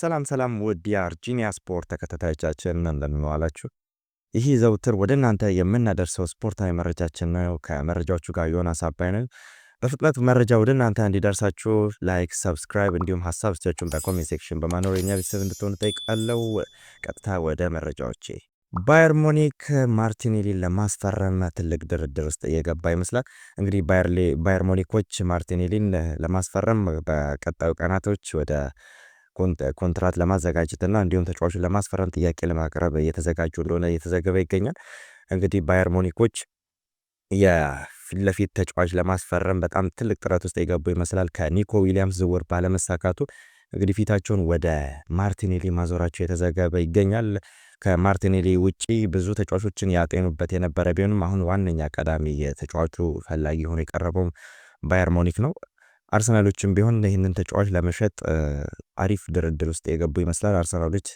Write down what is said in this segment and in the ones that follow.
ሰላም ሰላም ውድ የአርጂኒያ ስፖርት ተከታታዮቻችን እንደምንዋላችሁ። ይህ ዘውትር ወደ እናንተ የምናደርሰው ስፖርታዊ መረጃችን ነው። ከመረጃዎቹ ጋር ዮናስ አባይ ነኝ። በፍጥነት መረጃ ወደ እናንተ እንዲደርሳችሁ ላይክ፣ ሰብስክራይብ እንዲሁም ሀሳብ ስቶችን በኮሜንት ሴክሽን በማኖር የኛ ቤተሰብ እንድትሆኑ ጠይቃለሁ። ቀጥታ ወደ መረጃዎቼ ባየር ሙኒክ ማርቲኔሊን ለማስፈረም ትልቅ ድርድር ውስጥ እየገባ ይመስላል። እንግዲህ ባየር ሙኒኮች ማርቲኔሊን ለማስፈረም በቀጣዩ ቀናቶች ወደ ኮንትራት ለማዘጋጀትና እንዲሁም ተጫዋቹን ለማስፈረም ጥያቄ ለማቅረብ እየተዘጋጁ እንደሆነ እየተዘገበ ይገኛል። እንግዲህ ባየር ሙኒኮች የፊት ለፊት ተጫዋች ለማስፈረም በጣም ትልቅ ጥረት ውስጥ የገቡ ይመስላል። ከኒኮ ዊሊያምስ ዝውውር ባለመሳካቱ እንግዲህ ፊታቸውን ወደ ማርቲኔሊ ማዞራቸው የተዘገበ ይገኛል። ከማርቲኔሊ ውጪ ብዙ ተጫዋቾችን ያጤኑበት የነበረ ቢሆንም አሁን ዋነኛ ቀዳሚ የተጫዋቹ ፈላጊ ሆኖ የቀረበውም ባየር ሙኒክ ነው። አርሰናሎችም ቢሆን ይህንን ተጫዋች ለመሸጥ አሪፍ ድርድር ውስጥ የገቡ ይመስላል። አርሰናሎች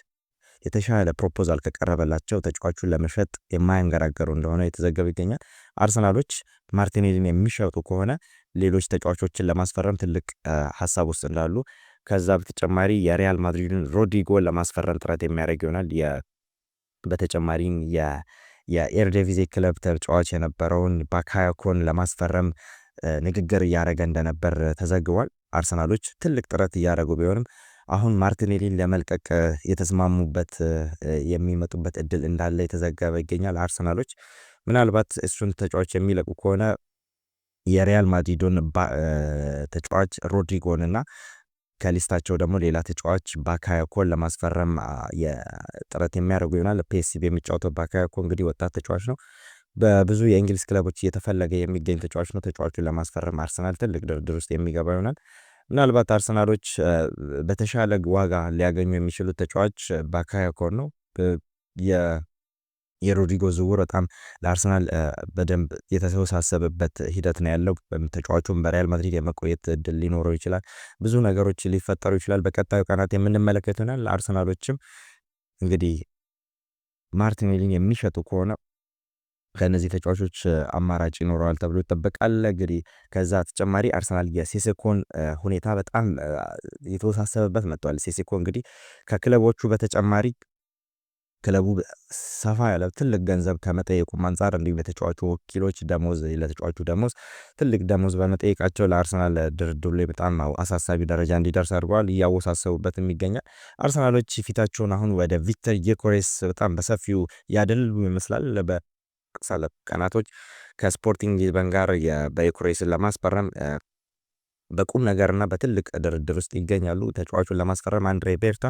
የተሻለ ፕሮፖዛል ከቀረበላቸው ተጫዋቹን ለመሸጥ የማያንገራገሩ እንደሆነ የተዘገበ ይገኛል። አርሰናሎች ማርቲኔሊን የሚሸጡ ከሆነ ሌሎች ተጫዋቾችን ለማስፈረም ትልቅ ሀሳብ ውስጥ እንዳሉ፣ ከዛ በተጨማሪ የሪያል ማድሪድን ሮድሪጎ ለማስፈረም ጥረት የሚያደርግ ይሆናል። በተጨማሪም የኤርዴቪዜ ክለብ ተጫዋች የነበረውን ባካያኮን ለማስፈረም ንግግር እያደረገ እንደነበር ተዘግቧል። አርሰናሎች ትልቅ ጥረት እያደረጉ ቢሆንም አሁን ማርቲኔሊን ለመልቀቅ የተስማሙበት የሚመጡበት እድል እንዳለ የተዘገበ ይገኛል። አርሰናሎች ምናልባት እሱን ተጫዋች የሚለቁ ከሆነ የሪያል ማድሪዱን ተጫዋች ሮድሪጎን እና ከሊስታቸው ደግሞ ሌላ ተጫዋች ባካያኮን ለማስፈረም ጥረት የሚያደርጉ ይሆናል። ፒኤስቪ የሚጫወተው ባካያኮ እንግዲህ ወጣት ተጫዋች ነው። በብዙ የእንግሊዝ ክለቦች እየተፈለገ የሚገኝ ተጫዋች ነው። ተጫዋቹን ለማስፈረም አርሰናል ትልቅ ድርድር ውስጥ የሚገባ ይሆናል። ምናልባት አርሰናሎች በተሻለ ዋጋ ሊያገኙ የሚችሉት ተጫዋች ባካያኮ ነው። የሮድሪጎ ዝውውር በጣም ለአርሰናል በደንብ የተወሳሰበበት ሂደት ነው ያለው። ተጫዋቹም በሪያል ማድሪድ የመቆየት እድል ሊኖረው ይችላል። ብዙ ነገሮች ሊፈጠሩ ይችላል። በቀጣዩ ቀናት የምንመለከት ይሆናል። አርሰናሎችም እንግዲህ ማርቲኔሊን የሚሸጡ ከሆነ ከእነዚህ ተጫዋቾች አማራጭ ይኖረዋል ተብሎ ይጠበቃል። እንግዲህ ከዛ ተጨማሪ አርሰናል የሴሴኮን ሁኔታ በጣም የተወሳሰበበት መጥቷል። ሴሴኮ እንግዲህ ከክለቦቹ በተጨማሪ ክለቡ ሰፋ ያለ ትልቅ ገንዘብ ከመጠየቁም አንጻር እንዲሁም የተጫዋቹ ወኪሎች ደሞዝ ለተጫዋቹ ደሞዝ ትልቅ ደሞዝ በመጠየቃቸው ለአርሰናል ድርድሩ ላይ በጣም አሳሳቢ ደረጃ እንዲደርስ አድርገዋል። እያወሳሰቡበትም ይገኛል። አርሰናሎች ፊታቸውን አሁን ወደ ቪክተር ዮኬሬስ በጣም በሰፊው ያደልሉ ይመስላል። ሳለፍ ቀናቶች ከስፖርቲንግ ሊዝበን ጋር በዩክሬስን ለማስፈረም በቁም ነገርና በትልቅ ድርድር ውስጥ ይገኛሉ። ተጫዋቹን ለማስፈረም አንድሬ ቤርታ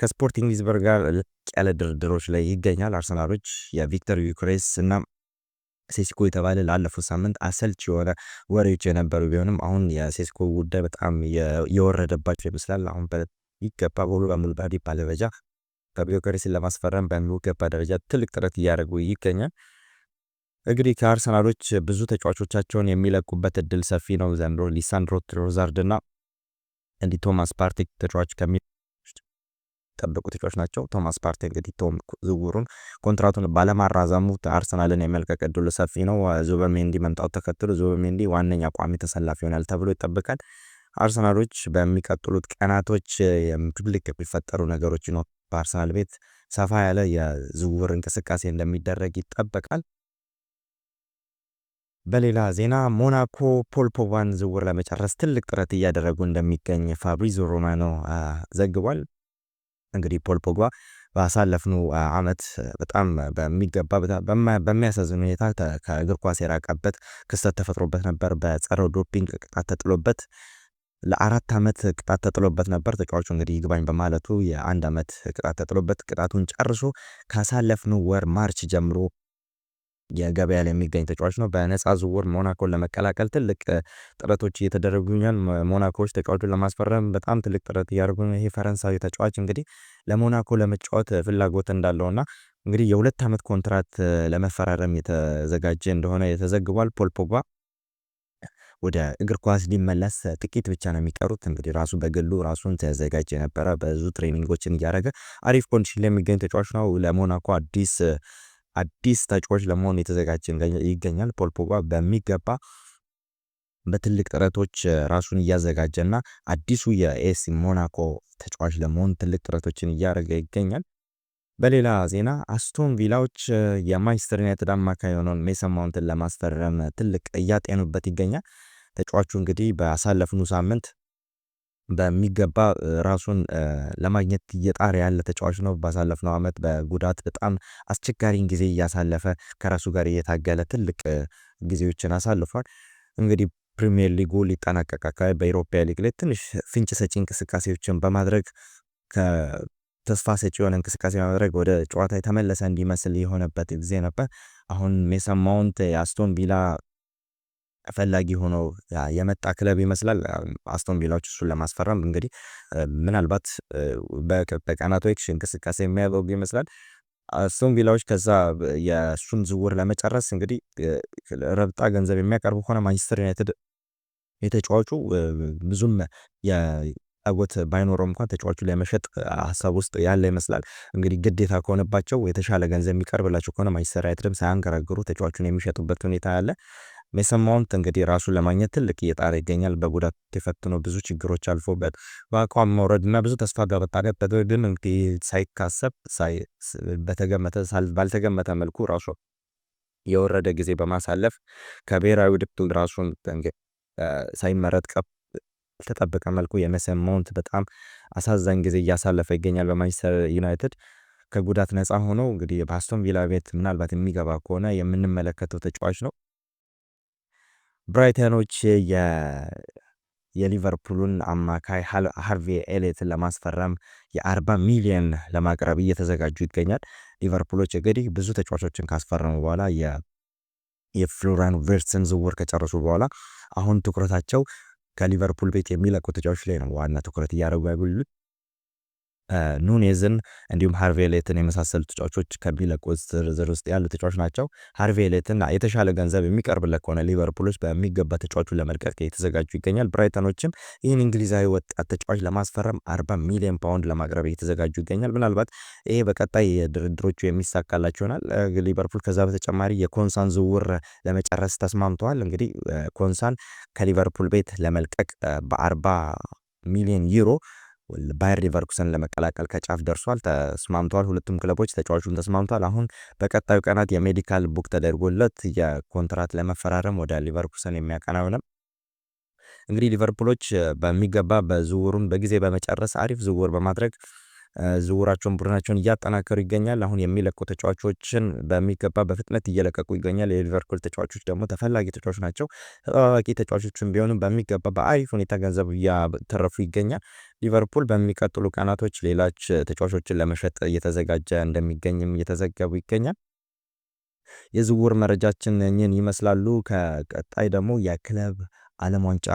ከስፖርቲንግ ሊዝበን ጋር ልቅ ያለ ድርድሮች ላይ ይገኛል። አርሰናሎች የቪክተር ዩክሬስ እና ሴስኮ የተባለ ላለፉት ሳምንት አሰልች የሆነ ወሬዎች የነበሩ ቢሆንም አሁን የሴስኮ ጉዳይ በጣም የወረደባቸው ይመስላል። አሁን ይገባ በሁሉ በሙሉ ባዲ ባለበጃ ከዩክሬስን ለማስፈረም በሚገባ ደረጃ ትልቅ ጥረት እያደረጉ ይገኛል። እንግዲህ ከአርሰናሎች ብዙ ተጫዋቾቻቸውን የሚለቁበት እድል ሰፊ ነው ዘንድሮ። ሊሳንድሮ ትሮዛርድ እና እንዲህ ቶማስ ፓርቲ ተጫዋች ከሚ ጠብቁ ተጫዋች ናቸው። ቶማስ ፓርቲ እንግዲህ ቶም ዝውሩን ኮንትራቱን ባለማራዘሙ አርሰናልን የመልቀቅ እድሉ ሰፊ ነው። ዙበሜንዲ መምጣቱ ተከትሎ ዙበሜንዲ ዋነኛ ቋሚ ተሰላፊ ይሆናል ተብሎ ይጠብቃል። አርሰናሎች በሚቀጥሉት ቀናቶች ፕብሊክ የሚፈጠሩ ነገሮች ነው። በአርሰናል ቤት ሰፋ ያለ የዝውውር እንቅስቃሴ እንደሚደረግ ይጠበቃል። በሌላ ዜና ሞናኮ ፖል ፖግባን ዝውውር ለመጨረስ ትልቅ ጥረት እያደረጉ እንደሚገኝ ፋብሪዞ ሮማኖ ዘግቧል። እንግዲህ ፖል ፖግባ ባሳለፍነው ዓመት በጣም በሚገባ በሚያሳዝን ሁኔታ ከእግር ኳስ የራቀበት ክስተት ተፈጥሮበት ነበር። በጸረ ዶፒንግ ቅጣት ተጥሎበት ለአራት ዓመት ቅጣት ተጥሎበት ነበር። ተጫዋቹ እንግዲህ ይግባኝ በማለቱ የአንድ ዓመት ቅጣት ተጥሎበት ቅጣቱን ጨርሶ ካሳለፍነው ወር ማርች ጀምሮ የገበያ ላይ የሚገኝ ተጫዋች ነው። በነፃ ዝውውር ሞናኮን ለመቀላቀል ትልቅ ጥረቶች እየተደረጉ ይገኛል። ሞናኮዎች ተጫዋቹን ለማስፈረም በጣም ትልቅ ጥረት እያደረጉ ነው። ይሄ ፈረንሳዊ ተጫዋች እንግዲህ ለሞናኮ ለመጫወት ፍላጎት እንዳለውና እንግዲህ የሁለት ዓመት ኮንትራት ለመፈራረም የተዘጋጀ እንደሆነ ተዘግቧል። ፖል ፖግባ ወደ እግር ኳስ ሊመለስ ጥቂት ብቻ ነው የሚቀሩት። እንግዲህ ራሱ በግሉ ራሱን ተዘጋጅ የነበረ ብዙ ትሬኒንጎችን እያደረገ አሪፍ ኮንዲሽን ላይ የሚገኝ ተጫዋች ነው። ለሞናኮ አዲስ አዲስ ተጫዋች ለመሆን የተዘጋጀ ይገኛል። ፖል ፖግባ በሚገባ በትልቅ ጥረቶች ራሱን እያዘጋጀ እና አዲሱ የኤሲ ሞናኮ ተጫዋች ለመሆን ትልቅ ጥረቶችን እያደረገ ይገኛል። በሌላ ዜና አስቶን ቪላዎች የማንቸስተር ዩናይትድ አማካይ የሆነውን ሜሰን ማውንትን ለማስፈረም ትልቅ እያጤኑበት ይገኛል። ተጫዋቹ እንግዲህ በአሳለፍኑ ሳምንት በሚገባ ራሱን ለማግኘት እየጣረ ያለ ተጫዋች ነው። ባሳለፍነው አመት በጉዳት በጣም አስቸጋሪን ጊዜ እያሳለፈ ከራሱ ጋር እየታገለ ትልቅ ጊዜዎችን አሳልፏል። እንግዲህ ፕሪሚየር ሊጉ ሊጠናቀቅ አካባቢ በኢሮፓ ሊግ ላይ ትንሽ ፍንጭ ሰጪ እንቅስቃሴዎችን በማድረግ ተስፋ ሰጪ የሆነ እንቅስቃሴ በማድረግ ወደ ጨዋታ የተመለሰ እንዲመስል የሆነበት ጊዜ ነበር። አሁን ሜሰን ማውንት የአስቶን ቪላ ፈላጊ ሆኖ የመጣ ክለብ ይመስላል። አስቶን ቪላዎች እሱን ለማስፈረም እንግዲህ ምናልባት በቀናቶች እንቅስቃሴ የሚያደርጉ ይመስላል። አስቶን ቪላዎች ከዛ የእሱን ዝውውር ለመጨረስ እንግዲህ ረብጣ ገንዘብ የሚያቀርቡ ከሆነ ማንቸስተር ዩናይትድ የተጫዋቹ ብዙም ፍላጎት ባይኖረው እንኳን ተጫዋቹ ለመሸጥ ሀሳብ ውስጥ ያለ ይመስላል። እንግዲህ ግዴታ ከሆነባቸው የተሻለ ገንዘብ የሚቀርብላቸው ከሆነ ማንቸስተር ዩናይትድም ሳያንገራግሩ ተጫዋቹን የሚሸጡበት ሁኔታ አለ። ሜሰን ማውንት እንግዲህ ራሱን ለማግኘት ትልቅ እየጣረ ይገኛል። በጉዳት ተፈትኖ ብዙ ችግሮች አልፎበት በአቋም መውረድ እና ብዙ ተስፋ በመጣሪያበት ግን ሳይካሰብ በተገመተ ባልተገመተ መልኩ ራሱ የወረደ ጊዜ በማሳለፍ ከብሔራዊ ውድድር ራሱን ሳይመረጥ ተጠበቀ መልኩ የሜሰን ማውንት በጣም አሳዛኝ ጊዜ እያሳለፈ ይገኛል። በማንቸስተር ዩናይትድ ከጉዳት ነፃ ሆኖ እንግዲህ በአስቶን ቪላ ቤት ምናልባት የሚገባ ከሆነ የምንመለከተው ተጫዋች ነው። ብራይተኖች የሊቨርፑሉን አማካይ ሃርቬ ኤሌትን ለማስፈረም የአርባ ሚሊየን ለማቅረብ እየተዘጋጁ ይገኛል። ሊቨርፑሎች እንግዲህ ብዙ ተጫዋቾችን ካስፈረሙ በኋላ የፍሎራን ቨርትዝን ዝውውር ከጨረሱ በኋላ አሁን ትኩረታቸው ከሊቨርፑል ቤት የሚለቁ ተጫዋቾች ላይ ነው ዋና ትኩረት እያደረጉ ኑኔዝን እንዲሁም ሃርቬ የመሳሰሉ ተጫዋቾች ከሚለቁት ዝርዝር ውስጥ ያሉ ተጫዋች ናቸው። ሃርቬሌትን የተሻለ ገንዘብ የሚቀርብለት ከሆነ ሊቨርፑሎች በሚገባ ተጫዋቹ ለመልቀቅ የተዘጋጁ ይገኛል። ብራይተኖችም ይህን እንግሊዛዊ ወጣት ተጫዋች ለማስፈረም 40 ሚሊዮን ፓውንድ ለማቅረብ የተዘጋጁ ይገኛል። ምናልባት ይሄ በቀጣይ ድርድሮቹ የሚሳካላቸው ይሆናል። ሊቨርፑል ከዛ በተጨማሪ የኮንሳን ዝውውር ለመጨረስ ተስማምተዋል። እንግዲህ ኮንሳን ከሊቨርፑል ቤት ለመልቀቅ በ ሚሊዮን ዩሮ ባየር ሊቨርኩሰን ለመቀላቀል ከጫፍ ደርሷል። ተስማምተዋል። ሁለቱም ክለቦች ተጫዋቹን ተስማምተዋል። አሁን በቀጣዩ ቀናት የሜዲካል ቡክ ተደርጎለት የኮንትራት ለመፈራረም ወደ ሊቨርኩሰን የሚያቀና እንግዲህ ሊቨርፑሎች በሚገባ በዝውውሩን በጊዜ በመጨረስ አሪፍ ዝውውር በማድረግ ዝውራቸውን ቡድናቸውን እያጠናከሩ ይገኛል። አሁን የሚለቁ ተጫዋቾችን በሚገባ በፍጥነት እየለቀቁ ይገኛል። የሊቨርፑል ተጫዋቾች ደግሞ ተፈላጊ ተጫዋች ናቸው። ተጠባባቂ ተጫዋቾችን ቢሆኑም በሚገባ በአሪፍ ሁኔታ ገንዘብ እያተረፉ ይገኛል። ሊቨርፑል በሚቀጥሉ ቀናቶች ሌሎች ተጫዋቾችን ለመሸጥ እየተዘጋጀ እንደሚገኝም እየተዘገቡ ይገኛል። የዝውውር መረጃችን እኚህን ይመስላሉ። ከቀጣይ ደግሞ የክለብ የዓለም ዋንጫ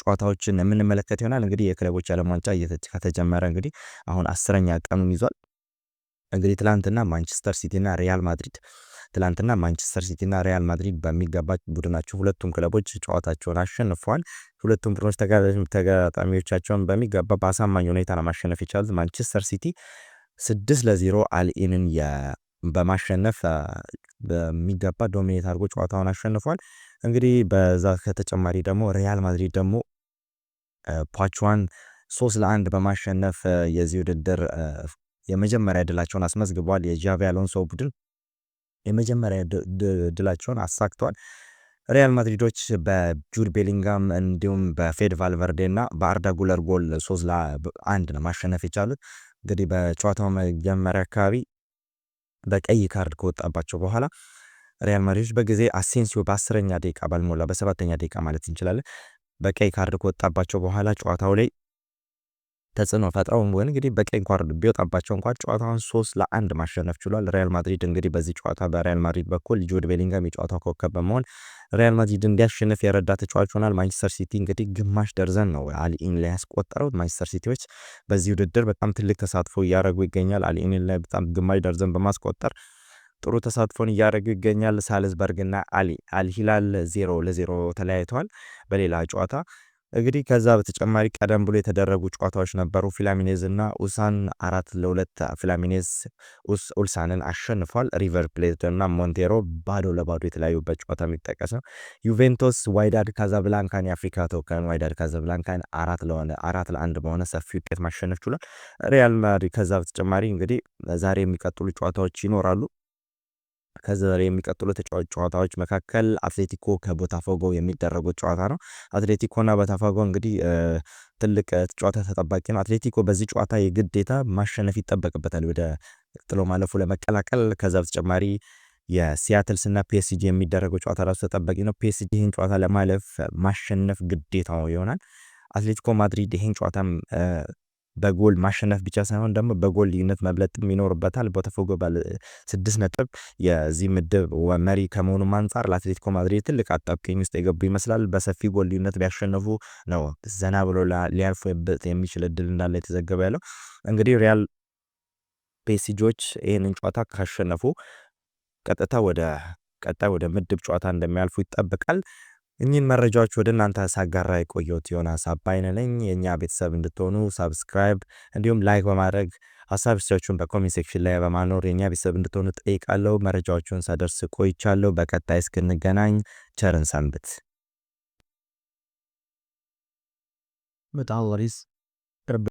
ጨዋታዎችን የምንመለከት ይሆናል። እንግዲህ የክለቦች የዓለም ዋንጫ ከተጀመረ እንግዲህ አሁን አስረኛ ቀኑን ይዟል። እንግዲህ ትላንትና ማንቸስተር ሲቲ እና ሪያል ማድሪድ ትላንትና ማንቸስተር ሲቲ ሪያል ማድሪድ በሚገባ ቡድናቸው ሁለቱም ክለቦች ጨዋታቸውን አሸንፈዋል። ሁለቱም ቡድኖች ተጋጣሚዎቻቸውን በሚገባ በአሳማኝ ሁኔታ ለማሸነፍ የቻሉት ማንቸስተር ሲቲ ስድስት ለዜሮ አልኢንን በማሸነፍ በሚገባ ዶሚኔት አድርጎ ጨዋታውን አሸንፏል። እንግዲህ በዛ ከተጨማሪ ደግሞ ሪያል ማድሪድ ደግሞ ፓቹዋን ሶስት ለአንድ በማሸነፍ የዚህ ውድድር የመጀመሪያ ድላቸውን አስመዝግቧል። የጃቪ አሎንሶ ቡድን የመጀመሪያ ድላቸውን አሳክቷል። ሪያል ማድሪዶች በጁድ ቤሊንጋም እንዲሁም በፌድ ቫልቨርዴ እና በአርዳ ጉለር ጎል ሶስት ለአንድ ነው ማሸነፍ የቻሉት። እንግዲህ በጨዋታው መጀመሪያ አካባቢ በቀይ ካርድ ከወጣባቸው በኋላ ሪያል ማድሪድ በጊዜ አሴንሲዮ በአስረኛ ደቂቃ ባልሞላ በሰባተኛ ደቂቃ ማለት እንችላለን በቀይ ካርድ ከወጣባቸው በኋላ ጨዋታው ላይ ተጽዕኖ ፈጥረው ሆን እንግዲህ በቀይ ካርድ ቢወጣባቸው እንኳን ጨዋታውን ሶስት ለአንድ ማሸነፍ ችሏል። ሪያል ማድሪድ እንግዲህ በዚህ ጨዋታ በሪያል ማድሪድ በኩል ጁድ ቤሊንጋም የጨዋታው ኮከብ በመሆን ሪያል ማድሪድ እንዲያሸንፍ የረዳ ተጫዋች ሆናል። ማንቸስተር ሲቲ እንግዲህ ግማሽ ደርዘን ነው አሊኢን ላይ ያስቆጠረው። ማንቸስተር ሲቲዎች በዚህ ውድድር በጣም ትልቅ ተሳትፎ እያደረጉ ይገኛል። አሊኢን ላይ በጣም ግማሽ ደርዘን በማስቆጠር ጥሩ ተሳትፎን እያደረጉ ይገኛል። ሳልዝበርግ አሊ አልሂላል ዜሮ ለዜሮ ተለያይተዋል። በሌላ ጨዋታ እንግዲህ ከዛ በተጨማሪ ቀደም ብሎ የተደረጉ ጨዋታዎች ነበሩ። ፊላሚኔዝ እና ኡሳን አራት ለሁለት ፊላሚኔዝ ኡልሳንን አሸንፏል። ሪቨር ፕሌት እና ሞንቴሮ ባዶ ለባዶ የተለያዩበት ጨዋታ የሚጠቀስ ነው። ዩቬንቶስ ዋይዳድ ካዛብላንካን የአፍሪካ ተወካዩን ዋይዳድ ካዛብላንካን አራት ለሆነ አራት ለአንድ በሆነ ሰፊ ውጤት ማሸነፍ ችሏል። ሪያል ማድሪድ ከዛ በተጨማሪ እንግዲህ ዛሬ የሚቀጥሉ ጨዋታዎች ይኖራሉ። ከዛሬ የሚቀጥሉ ተጫዋች ጨዋታዎች መካከል አትሌቲኮ ከቦታፎጎ የሚደረጉ ጨዋታ ነው። አትሌቲኮና ቦታፎጎ እንግዲህ ትልቅ ጨዋታ ተጠባቂ ነው። አትሌቲኮ በዚህ ጨዋታ የግዴታ ማሸነፍ ይጠበቅበታል ወደ ጥሎ ማለፉ ለመቀላቀል። ከዛ በተጨማሪ የሲያትልስ እና ፒኤስጂ የሚደረገው ጨዋታ ራሱ ተጠባቂ ነው። ፒኤስጂ ይህን ጨዋታ ለማለፍ ማሸነፍ ግዴታው ይሆናል። አትሌቲኮ ማድሪድ ይህን ጨዋታም በጎል ማሸነፍ ብቻ ሳይሆን ደግሞ በጎል ልዩነት መብለጥም ይኖርበታል። ቦታፎጎ ባለ ስድስት ነጥብ የዚህ ምድብ መሪ ከመሆኑም አንጻር ለአትሌቲኮ ማድሪድ ትልቅ አጣብቂኝ ውስጥ የገቡ ይመስላል። በሰፊ ጎል ልዩነት ቢያሸነፉ ነው ዘና ብሎ ሊያልፉበት የሚችል እድል እንዳለ የተዘገበ ያለው እንግዲህ ሪያል ፔሲጆች ይህንን ጨዋታ ካሸነፉ ቀጥታ ወደ ቀጣይ ወደ ምድብ ጨዋታ እንደሚያልፉ ይጠበቃል። እኚህን መረጃዎች ወደ እናንተ ሳጋራ የቆየሁት ዮናስ አባይነህ ነኝ። የእኛ ቤተሰብ እንድትሆኑ ሳብስክራይብ እንዲሁም ላይክ በማድረግ ሀሳብ ስቻችሁን በኮሜንት ሴክሽን ላይ በማኖር የእኛ ቤተሰብ እንድትሆኑ ጠይቃለሁ። መረጃዎቹን ሳደርስ ቆይቻለሁ። በቀጣይ እስክንገናኝ ቸርን ሰንብት። በጣም